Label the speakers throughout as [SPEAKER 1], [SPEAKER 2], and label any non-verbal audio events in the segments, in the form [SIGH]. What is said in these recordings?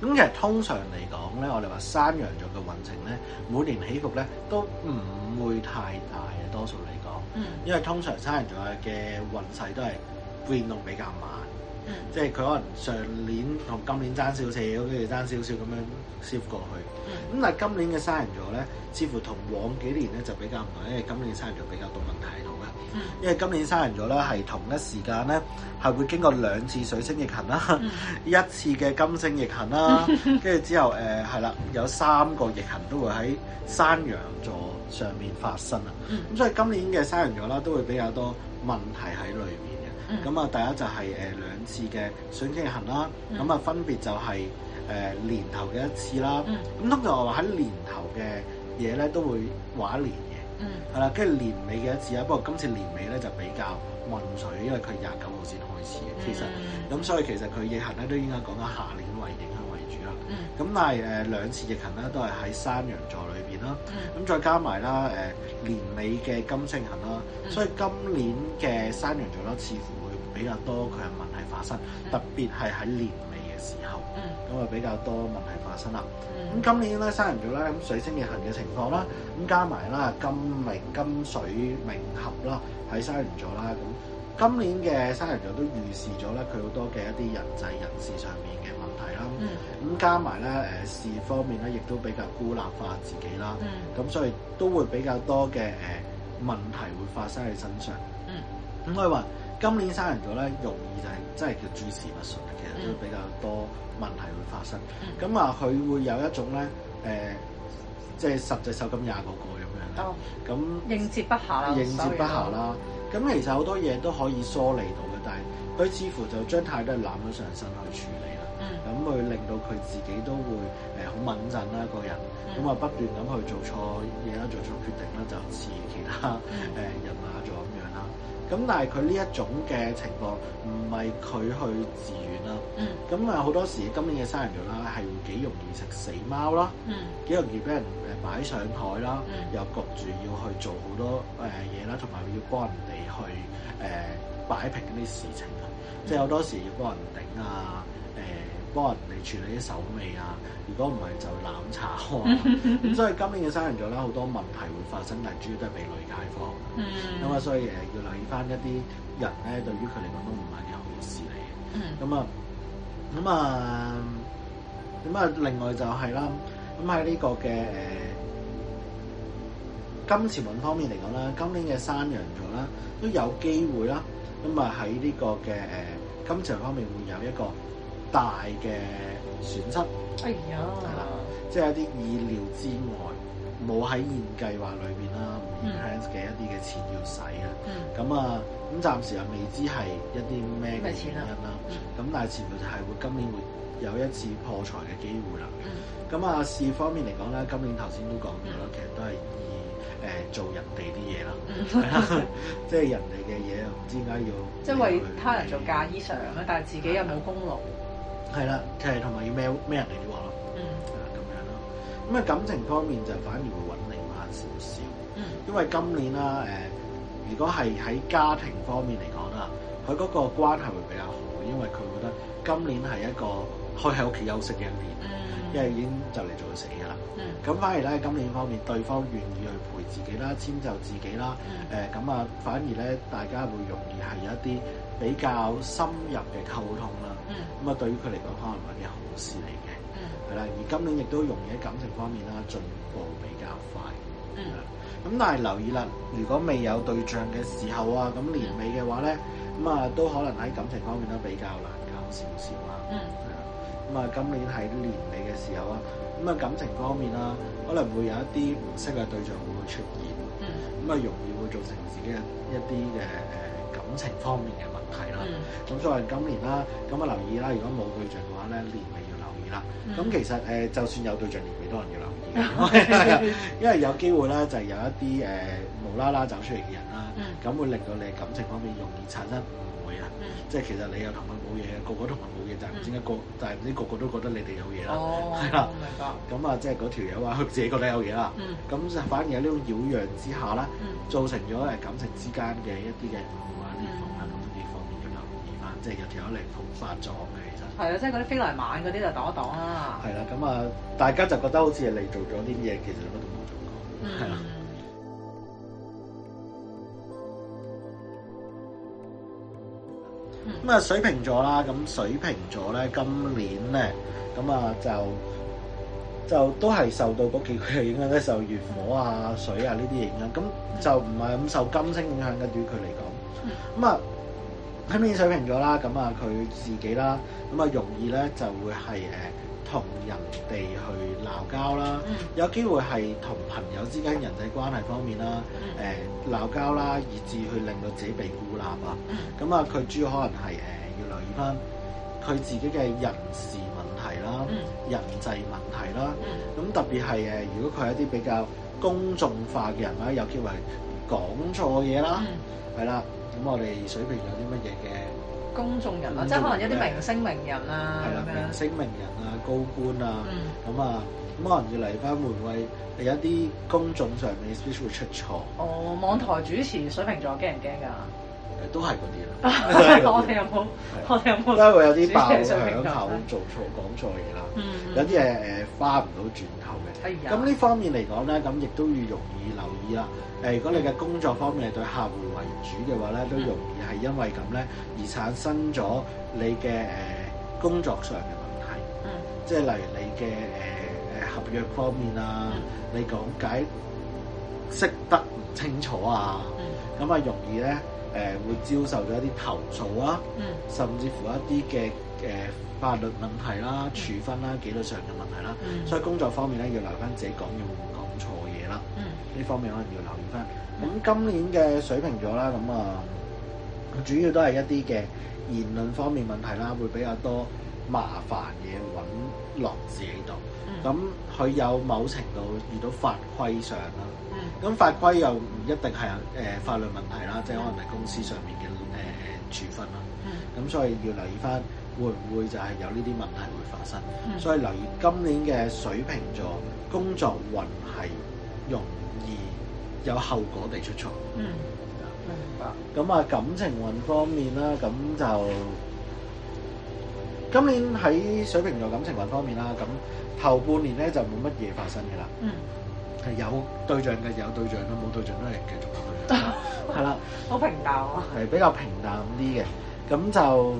[SPEAKER 1] 咁其實通常嚟講咧，我哋話山羊座嘅運程咧，每年起伏咧都唔會太大嘅，多數嚟講。嗯。因為通常山羊座嘅運勢都係變動比較慢。嗯。即係佢可能上年同今年差少少，跟住差少少咁樣消過去。咁、嗯、但係今年嘅山羊座咧，似乎同往幾年咧就比較唔同，因為今年嘅山羊座比較多問題。因為今年山羊座咧係同一時間咧係會經過兩次水星逆行啦，嗯、一次嘅金星逆行啦，跟住 [LAUGHS] 之後誒係啦，有三個逆行都會喺山羊座上面發生啊。咁、嗯、所以今年嘅山羊座啦都會比較多問題喺裏面嘅。咁啊、嗯，第一就係、是、誒、呃、兩次嘅水星逆行啦，咁啊、嗯、分別就係、是、誒、呃、年頭嘅一次啦。咁通常我話喺年頭嘅嘢，咧都會話一年。嗯嗯嗯，係啦，跟住年尾嘅一次啊，不過今次年尾咧就比較渾水，因為佢廿九號先開始嘅，嗯、其實咁、嗯嗯、所以其實佢逆行咧都應該講緊下年為影響為主啦。咁、嗯、但係誒兩次逆行咧都係喺山羊座裏邊啦。咁、嗯、再加埋啦誒年尾嘅金星行啦，嗯、所以今年嘅山羊座咧似乎會比較多佢係問題發生，嗯、特別係喺年尾時候，咁啊、嗯、比較多問題發生啦。咁、嗯嗯、今年咧，雙魚座咧，咁水星逆行嘅情況啦，咁加埋啦金明金水明合啦，喺雙魚座啦。咁、嗯、今年嘅雙魚座都預示咗咧佢好多嘅一啲人際人事上面嘅問題啦。咁、嗯嗯、加埋咧誒事方面咧，亦都比較孤立化自己啦。咁、嗯嗯、所以都會比較多嘅誒、呃、問題會發生喺身上。咁我話。嗯嗯嗯今年生人咗咧，容易就係真係叫諸事不順，其實都比較多問題會發生。咁啊、嗯，佢會有一種咧，誒、呃，即係十隻手錶廿個個咁樣啦。咁、哦、那
[SPEAKER 2] 應接不暇啦，應接不暇啦。
[SPEAKER 1] 咁其實好多嘢都可以梳理到嘅，但係佢似乎就將太多攬咗上身去處理啦。咁會、嗯、令到佢自己都會誒好、呃、敏震啦，個人咁啊、嗯、不斷咁去做錯嘢啦，做錯決定啦，就似其他誒人馬咗。嗯 [LAUGHS] 咁但係佢呢一種嘅情況，唔係佢去自願啦、啊。咁啊好多時今年嘅新人肉啦，係幾容易食死貓啦，幾、嗯、容易俾人誒擺上台啦，嗯、又焗住要去做好多誒嘢、呃、啦，同埋要幫人哋去誒、呃、擺平嗰啲事情，嗯、即係好多時要幫人頂啊誒。呃幫人哋處理啲手尾啊！如果唔係就攬炒咁、啊、 [LAUGHS] 所以今年嘅山羊座咧，好多問題會發生，但係主要都係被女解放。咁啊、嗯，所以誒要留意翻一啲人咧，對於佢嚟講都唔係幾好事嚟嘅。咁啊、嗯，咁啊，咁啊，另外就係、是、啦，咁喺呢個嘅誒、呃、金錢運方面嚟講啦，今年嘅山羊座啦，都有機會啦。咁啊喺呢個嘅誒、呃、金錢方面會有一個大嘅損失，係啊，係啦，即係有啲意料之外，冇喺現計劃裏邊啦唔嘅一啲嘅錢要使啊，咁啊，咁暫時又未知係一啲咩錢啦，咁但係前面就係會今年會有一次破財嘅機會嚟嘅，咁啊事業方面嚟講咧，今年頭先都講到啦，其實都係以誒做人哋啲嘢啦，即係人哋嘅嘢，唔知點解要即係為他人做嫁衣裳咧，但係自己又冇功勞。係啦，即係同埋要咩咩人嚟啲話咯，啊咁、嗯、樣咯，咁啊感情方面就反而會穩定翻少少，嗯，因為今年啦誒、呃，如果係喺家庭方面嚟講啦，佢個關係會比較好，因為佢覺得今年係一個開喺屋企休息嘅一年，嗯、因為已經就嚟做到死人。咁反而咧今年方面，對方願意去陪自己啦，遷就自己啦，誒咁啊，反而咧大家會容易係有一啲比較深入嘅溝通啦。咁啊、嗯嗯，對於佢嚟講，可能係啲好事嚟嘅。係啦、嗯，而今年亦都容易喺感情方面啦，進步比較快。咁、嗯嗯、但係留意啦，如果未有對象嘅時候啊，咁年尾嘅話咧，咁、嗯、啊都可能喺感情方面都比較難搞少少啦。
[SPEAKER 2] 咁
[SPEAKER 1] 啊、嗯嗯嗯嗯，今年喺年尾嘅時候啊。咁啊感情方面啦，可能會有一啲唔識嘅對象會出現，咁啊、嗯、容易會造成自己嘅一啲嘅誒感情方面嘅問題啦。咁作為今年啦，咁啊留意啦，如果冇對象嘅話咧，年咪要留意啦。咁、嗯、其實誒，就算有對象，年尾都人要留意。 [LAUGHS] [LAUGHS] 因為有機會咧，就係有一啲誒無啦啦走出嚟嘅人啦，咁、嗯、會令到你感情方面容易產生。嗯、即係其實你又同佢冇嘢，個個都同佢冇嘢，嗯、但係唔知個，但係唔知個個都覺得你哋有嘢啦，係啦、哦。明白吧。咁啊，即係嗰條友話佢自己覺得有嘢啦，咁就、嗯、反而喺呢種擾攘之下啦，嗯、造成咗係感情之間嘅一啲嘅，話啲房產咁啲方面又有疑問，嗯、即係有條友嚟同發咗嘅，其實。係啊，即係嗰啲飛來晚嗰啲就擋一擋啊。係啦，咁、嗯、啊，大家就覺得好似係你做咗啲嘢，其實你都冇做過，係啊、嗯。咁啊，水瓶座啦，咁水瓶座咧，今年咧，咁啊就就都係受到嗰幾個影響咧，受月火啊、水啊呢啲影響，咁就唔係咁受金星影響嘅，對於佢嚟講，
[SPEAKER 2] 咁
[SPEAKER 1] 啊，今年水瓶座啦，咁啊佢自己啦，咁啊容易咧就會係誒。同人哋去鬧交啦，有機會係同朋友之間人際關係方面啦，誒鬧交啦，以至去令到自己被孤立啊。咁啊、嗯，佢主要可能係誒、呃、要留意翻佢自己嘅人事問題啦、嗯、人際問題啦。咁、嗯、特別係誒，如果佢係一啲比較公眾化嘅人啦，有機會係講錯嘢啦，係啦、嗯。咁我哋水平有啲乜嘢嘅？公眾人啊，即係可能有啲明星名人啊，咁樣明星名人啊，高官啊，咁、嗯、啊，咁可能要嚟翻門衛，有一啲公眾上面 speech 會出錯。哦，網台主持水瓶座驚唔驚㗎？誒，都係嗰啲啦， [LAUGHS] 我哋有冇？啊、我哋有冇？都係會有啲爆響口、做錯、嗯、講錯嘢啦。有啲誒，花唔到轉頭嘅。係咁呢方面嚟講咧，咁亦都要容易留意啦。誒，如果你嘅工作方面對客戶，主嘅話咧，都容易係因為咁咧而產生咗你嘅誒工作上嘅問題，嗯，即係例如你嘅誒誒合約方面啊，嗯、你講解識得唔清楚啊，咁啊、嗯、容易咧誒、呃、會遭受到一啲投訴啊，嗯，甚至乎一啲嘅誒法律問題啦、啊、嗯、處分啦、啊、紀律上嘅問題啦、啊，嗯、所以工作方面咧要留翻自己講嘢唔講錯嘢啦、啊，呢方面可能要留意翻。咁今年嘅水瓶座啦，咁啊，主要都係一啲嘅言論方面問題啦，會比較多麻煩嘢揾落自己度。咁佢有某程度遇到法規上啦，咁法規又唔一定係誒、呃、法律問題啦，即係可能係公司上面嘅誒、呃、處分啦。咁所以要留意翻，會唔會就係有呢啲問題會發生？所以留意今年嘅水瓶座工作運係用。有後果地出錯。嗯，明白。咁啊，感情運方面啦，咁就今年喺水瓶座感情運方面啦，咁頭半年咧就冇乜嘢發生嘅啦。嗯，係有對象嘅有對象嘅，冇對象都係繼續。係啦，
[SPEAKER 2] 好平淡
[SPEAKER 1] 啊。係比較平淡啲嘅，咁就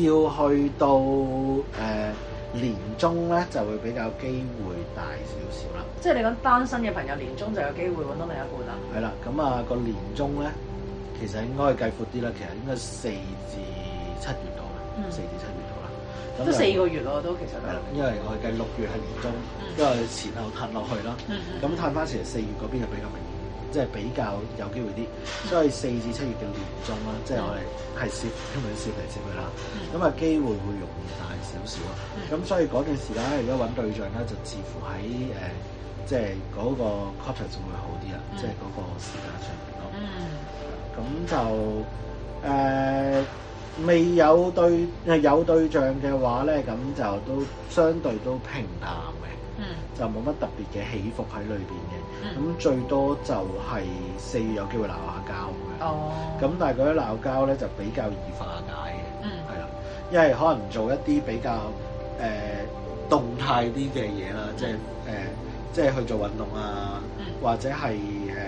[SPEAKER 1] 要去到誒、呃年中咧就會比較機會大少少啦，即係你講單身嘅朋友年中就有機會揾到另一半啦。係啦，咁啊個年中咧其實應該係計闊啲啦，其實應該四至七月度啦，嗯、四至七月度啦。都四個月咯，都其實係啦，因為我係計六月係年中，因為前後褪落去啦，咁褪翻其實四月嗰邊就比較明顯。即係比較有機會啲，所以四至七月嘅年中啦，即係我哋係涉，因為涉嚟涉去啦，咁啊機會會容易大少少啊，咁所以嗰段時間咧，如果揾對象咧，啊，就似乎喺誒，即係個 captor 仲會好啲啊，即係個時間上時間嗯，咁就誒、呃、未有對誒有對象嘅話咧，咁就都相對都平淡嘅。就冇乜特別嘅起伏喺裏邊嘅，咁、嗯、最多就係四月有機會鬧下交嘅，咁、哦、但係嗰啲鬧交咧就比較易化解嘅，係啦、嗯，因為可能做一啲比較誒、呃、動態啲嘅嘢啦，即係誒、呃、即係去做運動啊，嗯、或者係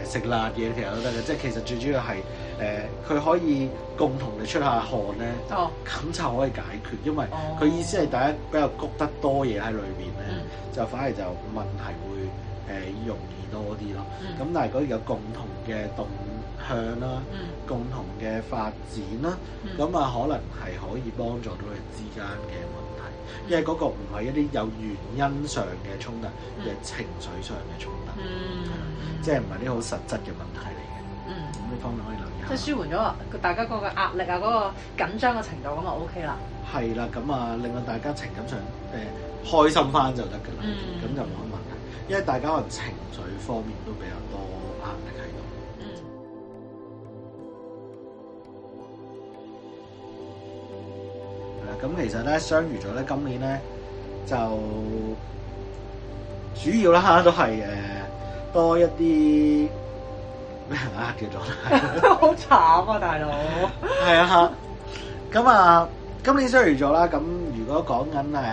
[SPEAKER 1] 誒食辣嘢其實都得嘅，即係其實最主要係誒佢可以共同噉出下汗咧，咁就、哦、可以解決，因為佢意思係大家比較谷得多嘢喺裏邊咧。嗯嗯就反而就問題會誒、呃、容易多啲咯，咁、嗯、但係如果有共同嘅動向啦，嗯、共同嘅發展啦，咁啊、嗯、可能係可以幫助到佢之間嘅問題，嗯、因為嗰個唔係一啲有原因上嘅衝突，即、嗯、情緒上嘅衝突，即係唔係啲好實質嘅問題。咁呢方面可以留意下，即係舒緩咗大家嗰個壓力啊，嗰、那個緊張嘅程度咁就 OK 啦。係啦，咁啊，令到大家情感上誒、呃、開心翻就得嘅啦，咁、嗯、就冇乜問題，因為大家可能情緒方面都比較多壓力喺度。嗯。係啦、啊，咁其實咧，雙魚座咧，今年咧就主要啦，都係誒、呃、多一啲。咩人啊？叫做啦，好慘啊！大佬，係啊，咁啊，今年雙魚座啦，咁如果講緊誒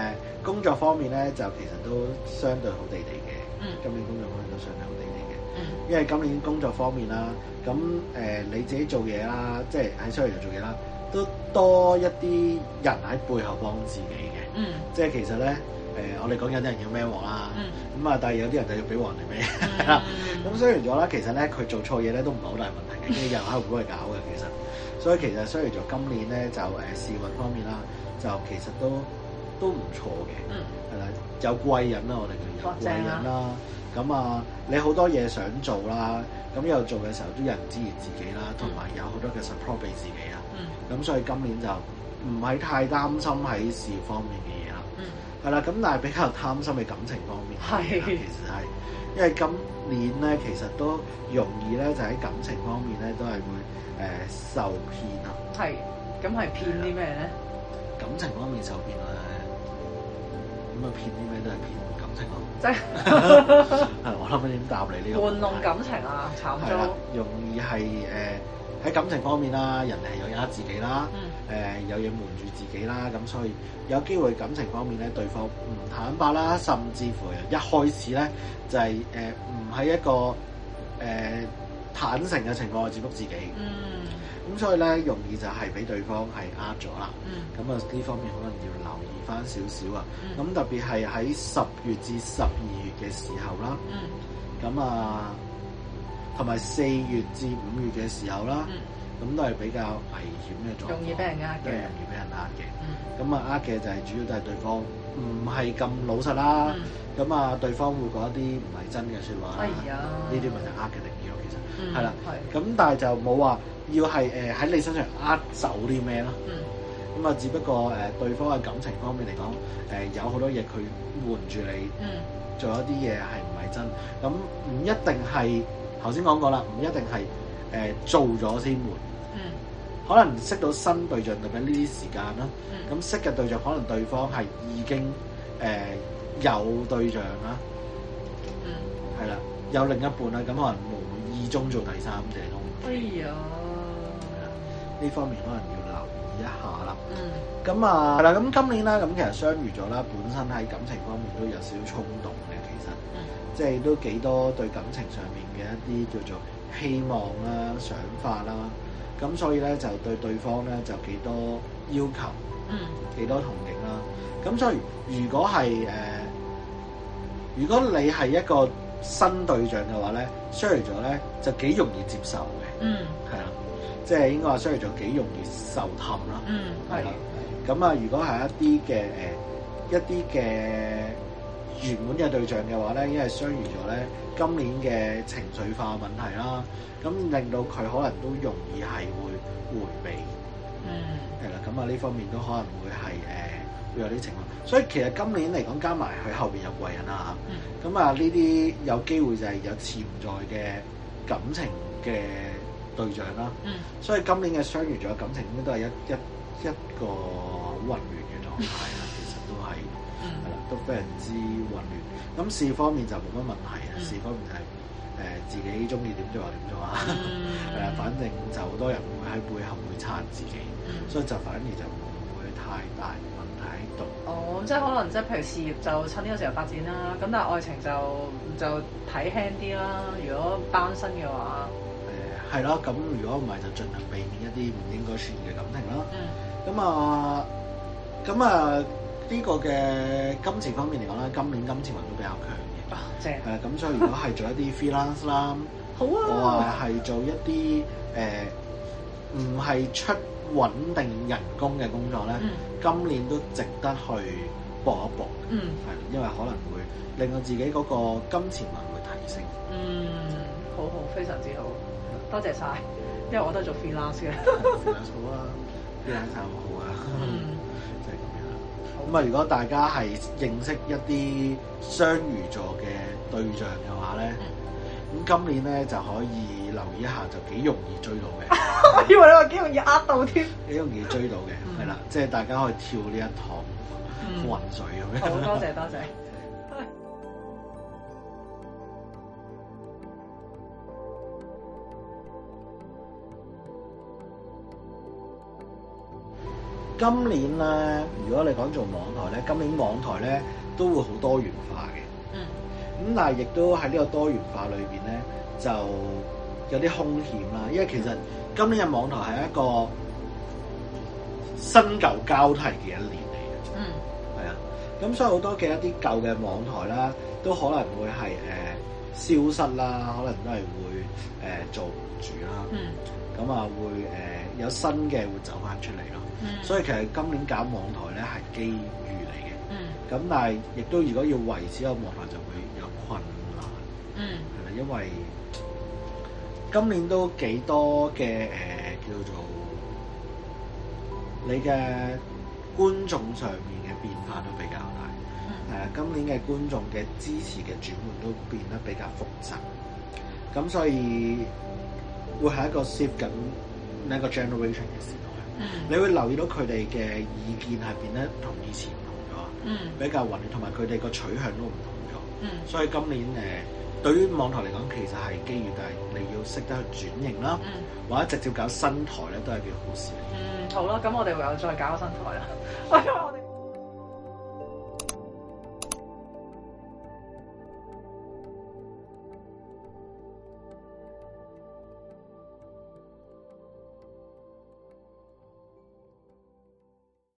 [SPEAKER 1] 工作方面咧，就其實都相對好地地嘅。嗯，今年工作方面都相對好地地嘅。嗯，因為今年工作方面啦，咁、嗯、誒你自己做嘢啦，即係喺雙魚座做嘢啦，都多一啲人喺背後幫自己嘅。嗯，即係其實咧。誒，我哋講緊啲人要孭鑊啦，咁啊，但係有啲人就要俾黃嚟咩？咁 Shiraz 咧，其實咧佢做錯嘢咧都唔係好大問題嘅，啲、嗯、人喺度幫搞嘅其實。所以其實 Shiraz 今年咧就誒事業方面啦，就其實都都唔錯嘅，係啦、嗯，有貴人啦，我哋叫有貴人啦。咁啊，你好多嘢想做啦，咁又做嘅時候都有人支援自己啦，同埋、嗯、有好多嘅 support 俾自己啊。咁、嗯、所以今年就唔係太擔心喺事業方面嘅。係啦，咁但係比較貪心嘅感情方面，係的其實係，因為今年咧，其實都容易咧，就喺感情方面咧，都係會誒、呃、受騙啦。係，咁係騙啲咩咧？感情方面受騙咧，咁啊騙啲咩都係騙感情咯。即係， [LAUGHS] [LAUGHS] 係我諗緊點答你呢個問題？玩弄感情啊，慘咗。容易係誒喺感情方面啦，人哋有壓自己啦。嗯誒、呃、有嘢瞞住自己啦，咁所以有機會感情方面咧，對方唔坦白啦，甚至乎一開始咧就係誒唔係一個誒、呃、坦誠嘅情況去接觸自己。嗯，咁所以咧容易就係俾對方係呃咗啦。嗯，咁啊呢方面可能要留意返少少啊。嗯，咁特別係喺十月至十二月嘅時候啦。嗯，咁啊同埋四月至五月嘅時候啦。嗯咁都係比較危險嘅狀況，容易俾人呃嘅。容易俾人呃嘅。咁啊呃嘅就係主要都係對方唔係咁老實啦。咁啊、嗯、對方會講一啲唔係真嘅説話，呢啲咪就呃嘅地步。其實，係、嗯、啦。咁的但係就冇話要係誒喺你身上呃走啲咩咯。咁啊、嗯、只不過誒對方嘅感情方面嚟講，誒有好多嘢佢瞞住你、嗯、做一啲嘢係唔係真？咁唔一定係頭先講過啦，唔一定係。誒，做咗先換，嗯、可能識到新對象，特別呢啲時間啦，咁、嗯、識嘅對象可能對方係已經誒、呃、有對象啦，係啦、嗯，有另一半啦，咁可能無意中做第三者咯。哎呀呦，呢方面可能要留意一下啦。咁、嗯、啊，係啦，咁今年啦，咁其實相遇咗啦，本身喺感情方面都有少少衝動嘅，其實，即係、嗯、都幾多對感情上面嘅一啲叫做，希望啦、啊、想法啦、啊，咁所以咧就對對方咧就幾多要求，幾、嗯、多同情啦，咁所以如果係誒、呃，如果你係一個新對象嘅話咧 share 咗咧就幾容易接受嘅，係啦、嗯，即係、就是、應該話 share 咗幾容易受氹啦，係啦、嗯，咁啊如果係一啲嘅誒一啲嘅，原本嘅對象嘅話咧，因為雙魚座咧，今年嘅情緒化問題啦，咁令到佢可能都容易係會迴避。嗯，係啦，咁啊呢方面都可能會係誒、呃、會有啲情況。所以其實今年嚟講，加埋佢後邊有貴人啦，咁啊呢啲有機會就係有潛在嘅感情嘅對象啦。嗯，所以今年嘅雙魚座嘅感情，應該都係一一一,一個混亂嘅狀態。嗯 [LAUGHS] 都非常之混亂。咁、嗯、事方面就冇乜問題啊，事方面係誒自己中意點做就點做啊。誒， [LAUGHS] 反正就好多人會喺背後會撐自己，所以就反而就唔會太大問題喺度。哦，即係可能即係譬如事業就趁呢個時候發展啦。咁但係愛情就就睇輕啲啦。如果單身嘅話，誒係啦。咁如果唔係就盡量避免一啲唔應該出現嘅感情啦。咁、嗯、啊，咁啊。呢個嘅金錢方面嚟講咧，今年金錢運都比較強嘅。啊棒，正、呃！誒，咁所以如果係做一啲 freelance 啦，好啊，我係係做一啲誒唔係出穩定人工嘅工作咧，嗯、今年都值得去搏一搏，嗯，係，因為可能會令到自己嗰個金錢運會提升。嗯，好好，非常之好，多謝晒！因為我都係做 freelance 嘅。 [LAUGHS] 嗯、好啊 freelance 好啊。 [LAUGHS] [LAUGHS] 咁啊！如果大家係認識一啲雙魚座嘅對象嘅話咧，咁今年咧就可以留意一下，就幾容易追到嘅。 [LAUGHS] 我
[SPEAKER 2] 以為你話幾容易呃到添，
[SPEAKER 1] 幾 [LAUGHS] 容易追到嘅，係啦、嗯，即係大家可以跳呢一趟、
[SPEAKER 2] 嗯、混
[SPEAKER 1] 水咁樣。好，多謝多謝。謝謝。今年咧，如果你講做網台咧，今年網台咧都會好多元化嘅。嗯。咁但係亦都喺呢個多元化裏邊咧，就有啲風險啦。因為其實今年嘅網台係一個新舊交替嘅一年嚟嘅。嗯。係啊。咁所以好多嘅一啲舊嘅網台啦，都可能會係誒、呃、消失啦，可能都係會誒、呃、做唔住啦。嗯。咁啊會誒。呃有新嘅會走翻出嚟咯，mm hmm. 所以其實今年搞網台咧係機遇嚟嘅，咁、mm hmm. 但係亦都如果要維持，一個網台，就會有困難，係咪、
[SPEAKER 2] mm？Hmm.
[SPEAKER 1] 因為今年都幾多嘅誒、呃、叫做你嘅觀眾上面嘅變化都比較大，係啊、mm hmm. 呃，今年嘅觀眾嘅支持嘅轉換都變得比較複雜，咁所以會係一個攝緊。呢個 generation 嘅時代，嗯、你會留意到佢哋嘅意見係變得同以前唔同咗，嗯、比較混亂，同埋佢哋個取向都唔同咗。嗯、所以今年誒，對於網台嚟講，其實係機遇，但係你要識得去轉型啦，嗯、或者直接搞新台咧，都係件好事。嗯，好啦，咁我哋唯有再搞新台啦。 [LAUGHS]